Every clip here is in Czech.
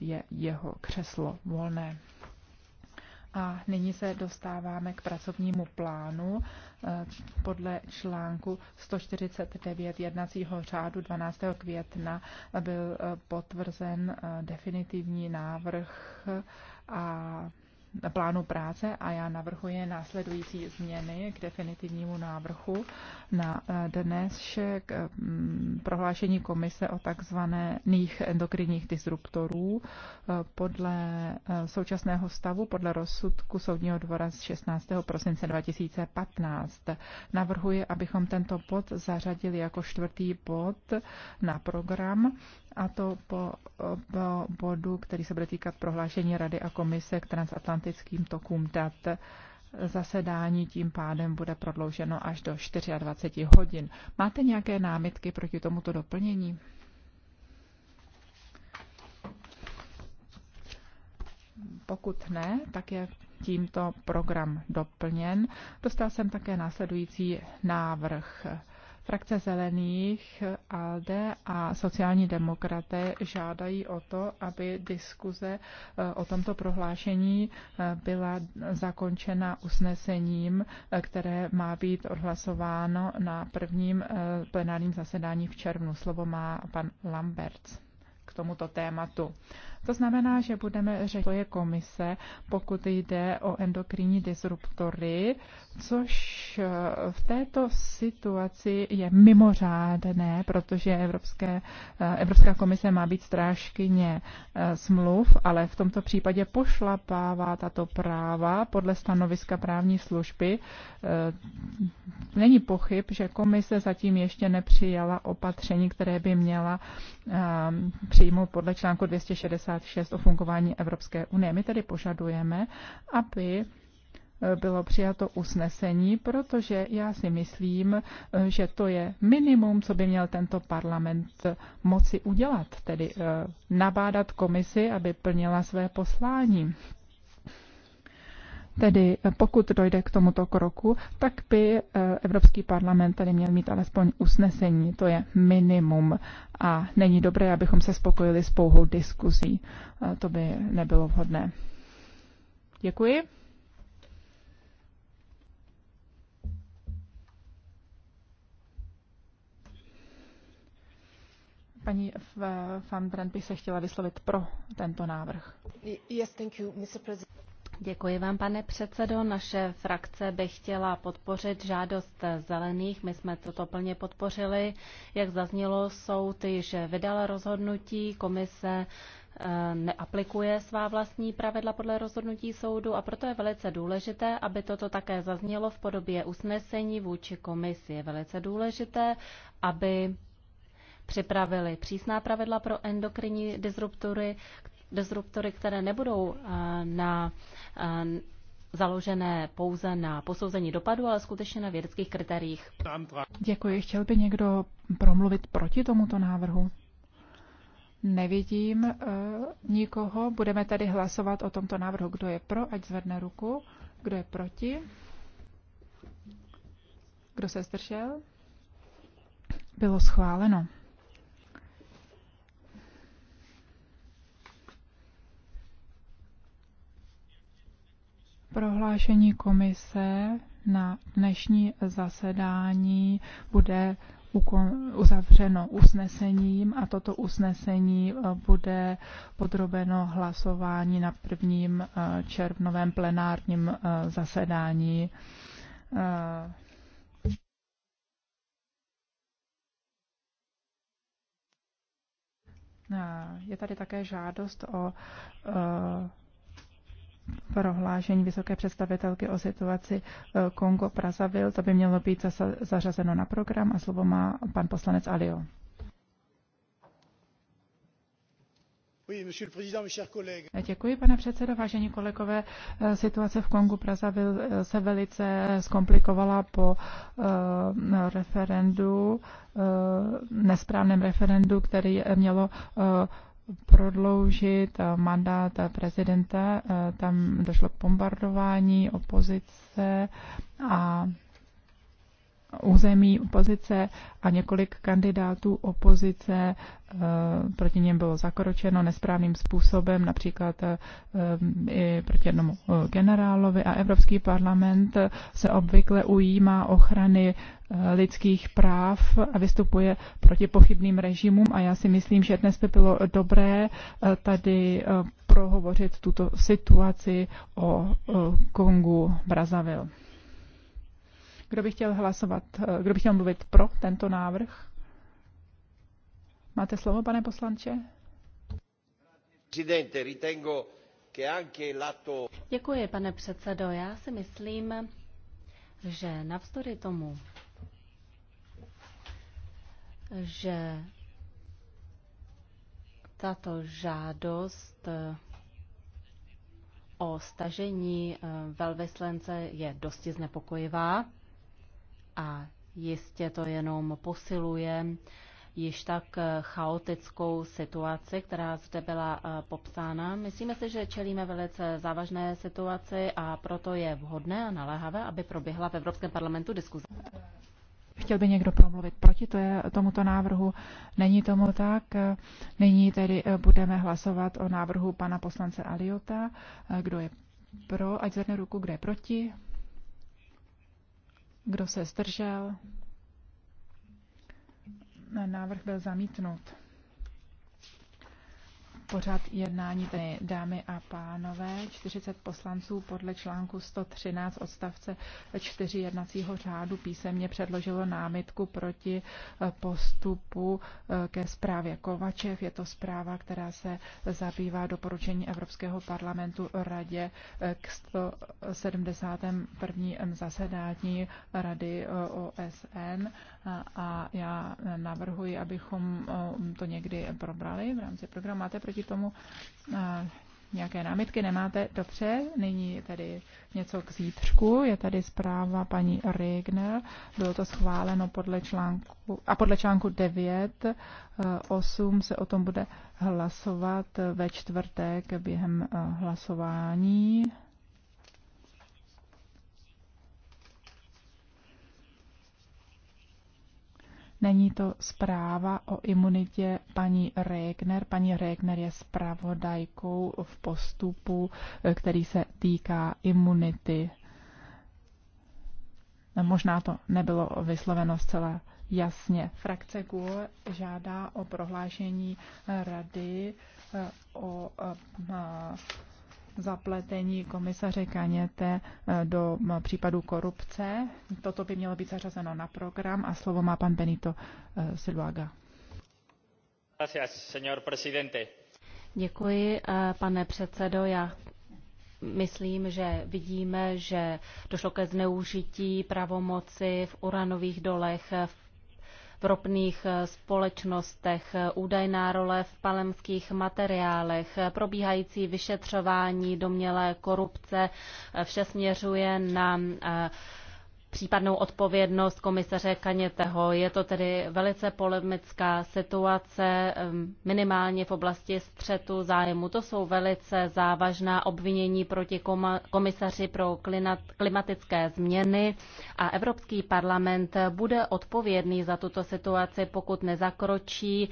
je jeho křeslo volné. A nyní se dostáváme k pracovnímu plánu eh, podle článku 149 jednacího řádu 12. května byl eh, potvrzen eh, definitivní návrh a plánu práce a já navrhuji následující změny k definitivnímu návrhu na eh, k eh, mm, prohlášení komise o takzvaných endokrinních disruptorů eh, podle současného stavu, podle rozsudku Soudního dvora z 16. prosince 2015. Navrhuji, abychom tento bod zařadili jako čtvrtý bod na program a to po, po bodu, který se bude týkat prohlášení Rady a Komise k transatlantickým tokům dat. Zasedání tím pádem bude prodlouženo až do 24 hodin. Máte nějaké námitky proti tomuto doplnění? Pokud ne, tak je tímto program doplněn. Dostal jsem také následující návrh. Frakce zelených, ALDE a sociální demokraté žádají o to, aby diskuze eh, o tomto prohlášení eh, byla zakončena usnesením, eh, které má být odhlasováno na prvním plenárním zasedání v červnu. Slovo má pan Lamberts k tomuto tématu. To znamená, že budeme řešit, to je komise, pokud jde o endokrinní disruptory, což Eh, v této situaci je mimořádné, protože Evropské, eh, Evropská komise má být strážkyně eh, smluv, ale v tomto případě pošlapává tato práva podle stanoviska právní služby. Není pochyb, že komise zatím ještě nepřijala opatření, které by měla přijmout podle článku 266 o fungování Evropské unie. My tedy požadujeme, aby bylo přijato usnesení, protože já si myslím, že to je minimum, co by měl tento parlament moci udělat, tedy eh, nabádat komisi, aby plnila své poslání. Tedy eh, pokud dojde k tomuto kroku, tak by eh, Evropský parlament tady měl mít alespoň usnesení, to je minimum. A není dobré, abychom se spokojili s pouhou diskuzí. To by nebylo vhodné. Děkuji. Paní Van Brandt by se chtěla vyslovit pro tento návrh. Yes, thank you, Mr. President. Děkuji vám, pane předsedo. Naše frakce by chtěla podpořit žádost zelených. My jsme toto plně podpořili. Jak zaznělo, soud již vydala rozhodnutí, komise eh, neaplikuje svá vlastní pravidla podle rozhodnutí soudu a proto je velice důležité, aby toto také zaznělo v podobě usnesení vůči komisi. Je velice důležité, aby připravili přísná pravidla pro endokrinní disruptory, disruptory které nebudou eh, na eh, založené pouze na posouzení dopadu, ale skutečně na vědeckých kritériích. Děkuji. Chtěl by někdo promluvit proti tomuto návrhu? Nevidím e, nikoho. Budeme tedy hlasovat o tomto návrhu. Kdo je pro, ať zvedne ruku. Kdo je proti? Kdo se zdržel? Bylo schváleno. prohlášení komise na dnešní zasedání bude uzavřeno usnesením a toto usnesení eh, bude podrobeno hlasování na prvním eh, červnovém plenárním eh, zasedání. Je tady také žádost o prohlášení vysoké představitelky o situaci eh, Kongo Prazavil. To by mělo být zařazeno na program a slovo má pan poslanec Alio. Eh, děkuji, pane předsedo, vážení kolegové. Eh, situace v Kongu Prazavil se velice zkomplikovala po referendu, nesprávném referendu, který mělo prodloužit mandát prezidenta. Eh, tam došlo k bombardování opozice a území opozice a několik kandidátů opozice eh, proti něm bylo zakročeno nesprávným způsobem, například eh, mm, i proti jednomu eh, generálovi a Evropský parlament se obvykle ujímá ochrany lidských práv a vystupuje proti pochybným režimům a já si myslím, že dnes by bylo dobré tady prohovořit tuto situaci o Kongu Brazavil. Kdo by chtěl hlasovat, eh, kdo by chtěl mluvit pro tento návrh? Máte slovo, pane poslanče? Děkuji, pane předsedo. Já si myslím, že navzdory tomu, že tato žádost eh, o stažení eh, velvyslance je dosti znepokojivá a jistě to jenom posiluje již tak chaotickou situaci, která zde byla eh, popsána. Myslíme si, že čelíme velice závažné situaci a proto je vhodné a naléhavé, aby proběhla v Evropském parlamentu diskuze. Chtěl by někdo promluvit proti to je, tomuto návrhu? Není tomu tak. Nyní tedy eh, budeme hlasovat o návrhu pana poslance Aliota. Eh, kdo je pro, ať zvedne ruku, kdo je proti. Kdo se zdržel? Návrh byl zamítnut pořad jednání, tady dámy a pánové, 40 poslanců podle článku 113 odstavce 4 jednacího řádu písemně předložilo námitku proti eh, postupu eh, ke zprávě Kovačev. Je to zpráva, která se zabývá doporučení Evropského parlamentu radě eh, k 171. zasedání Rady OSN a já navrhuji, abychom to někdy probrali v rámci programu. Máte proti proti tomu eh, nějaké námitky nemáte? Dobře, nyní tady něco k zítřku. Je tady zpráva paní Regner. Bylo to schváleno podle článku, a podle článku 9, 8 eh, se o tom bude hlasovat ve čtvrtek během eh, hlasování. Není to zpráva o imunitě paní Regner. Paní Regner je zpravodajkou v postupu, eh, který se týká imunity. No, možná to nebylo vysloveno zcela jasně. Frakce GUL e žádá o prohlášení rady eh, o eh, zapletení komisaře Kaněte eh, do případu korupce. Toto by mělo být zařazeno na program a slovo má pan Benito eh, Silvaga. Děkuji, eh, pane předsedo. Já myslím, že vidíme, že došlo ke zneužití pravomoci v uranových dolech v v ropných eh, společnostech, údajná role v palemských materiálech, probíhající vyšetřování domělé korupce eh, vše směřuje na eh, případnou odpovědnost komisaře Kaněteho. Je to tedy velice polemická situace, minimálně v oblasti střetu zájmu. To jsou velice závažná obvinění proti komisaři pro klimatické změny a Evropský parlament bude odpovědný za tuto situaci, pokud nezakročí.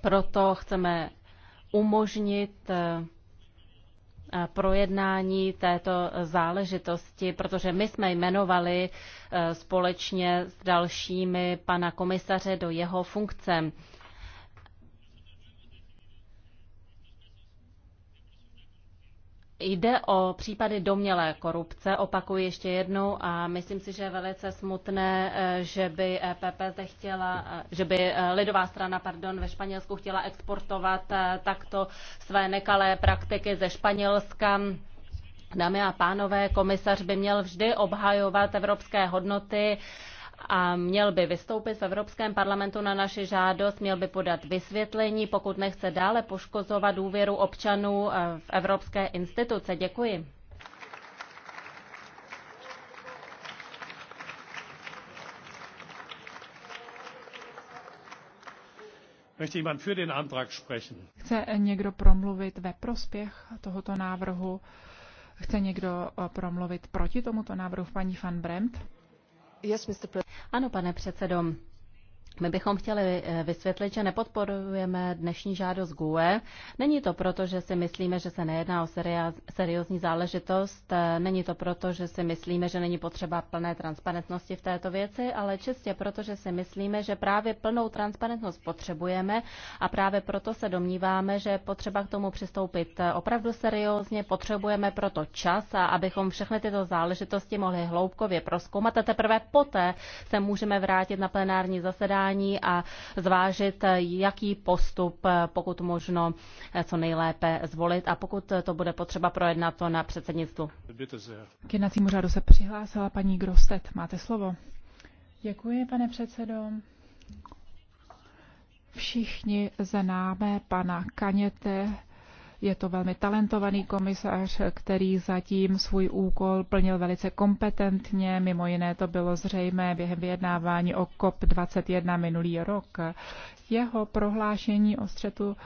Proto chceme umožnit projednání této záležitosti, protože my jsme jmenovali e, společně s dalšími pana komisaře do jeho funkce. Jde o případy domělé korupce, opakuji ještě jednou a myslím si, že je velice smutné, eh, že by EPP chtěla, eh, že by eh, lidová strana pardon, ve Španělsku chtěla exportovat takto své nekalé praktiky ze Španělska. Dámy a pánové, komisař by měl vždy obhajovat evropské hodnoty, a měl by vystoupit v Evropském parlamentu na naši žádost, měl by podat vysvětlení, pokud nechce dále poškozovat důvěru občanů eh, v evropské instituce. Děkuji. Chce někdo promluvit ve prospěch tohoto návrhu? Chce někdo eh, promluvit proti tomuto návrhu paní van Bremt? Yes, Mr. President. Ano, pane předsedo. My bychom chtěli eh, vysvětlit, že nepodporujeme dnešní žádost GUE. Není to proto, že si myslíme, že se nejedná o seriózní záležitost, eh, není to proto, že si myslíme, že není potřeba plné transparentnosti v této věci, ale čistě proto, že si myslíme, že právě plnou transparentnost potřebujeme a právě proto se domníváme, že potřeba k tomu přistoupit eh, opravdu seriózně, potřebujeme proto čas a abychom všechny tyto záležitosti mohli hloubkově proskoumat a teprve poté se můžeme vrátit na plenární zasedání jednání a zvážit, jaký postup pokud možno co nejlépe zvolit a pokud to bude potřeba projednat to na předsednictvu. K jednacímu řádu se přihlásila paní Grostet. Máte slovo. Děkuji, pane předsedo. Všichni známe pana Kaněte, je to velmi talentovaný komisař, který zatím svůj úkol plnil velice kompetentně. Mimo jiné to bylo zřejmé během vyjednávání o COP21 minulý rok. Jeho prohlášení o střetu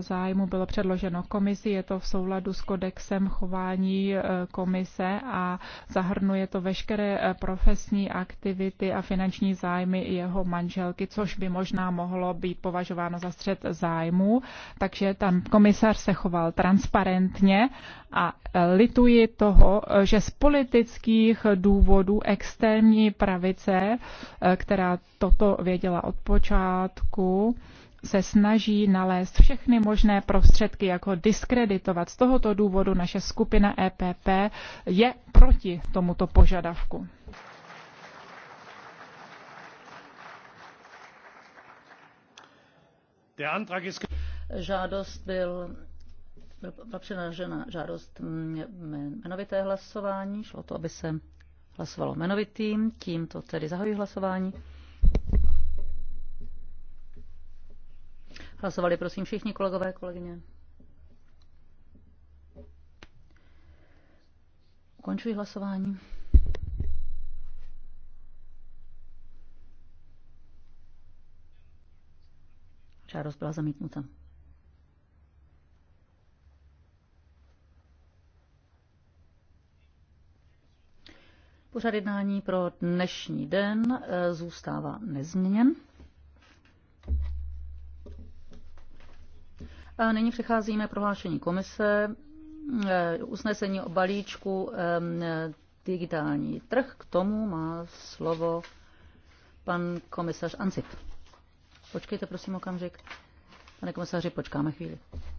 zájmu bylo předloženo komisi, je to v souladu s kodexem chování e, komise a zahrnuje to veškeré e, profesní aktivity a finanční zájmy jeho manželky, což by možná mohlo být považováno za střed zájmu. Takže tam komisař se choval transparentně a e, lituji toho, že z politických důvodů externí pravice, která toto věděla od počátku, se snaží nalézt všechny možné prostředky, jako diskreditovat. Z tohoto důvodu naše skupina EPP je proti tomuto požadavku. Žádost byl, byla přinažena žádost jmenovité hlasování. Šlo to, aby se hlasovalo jmenovitým. Tímto tedy zahajuji hlasování. Hlasovali prosím všichni kolegové, kolegyně. Ukončuji hlasování. Žádost byla zamítnuta. Pořad jednání pro dnešní den eh, zůstává nezměněn. A nyní přecházíme prohlášení komise, e, usnesení o balíčku e, digitální trh. K tomu má slovo pan komisař Ancip. Počkejte prosím okamžik. Pane komisaři, počkáme chvíli.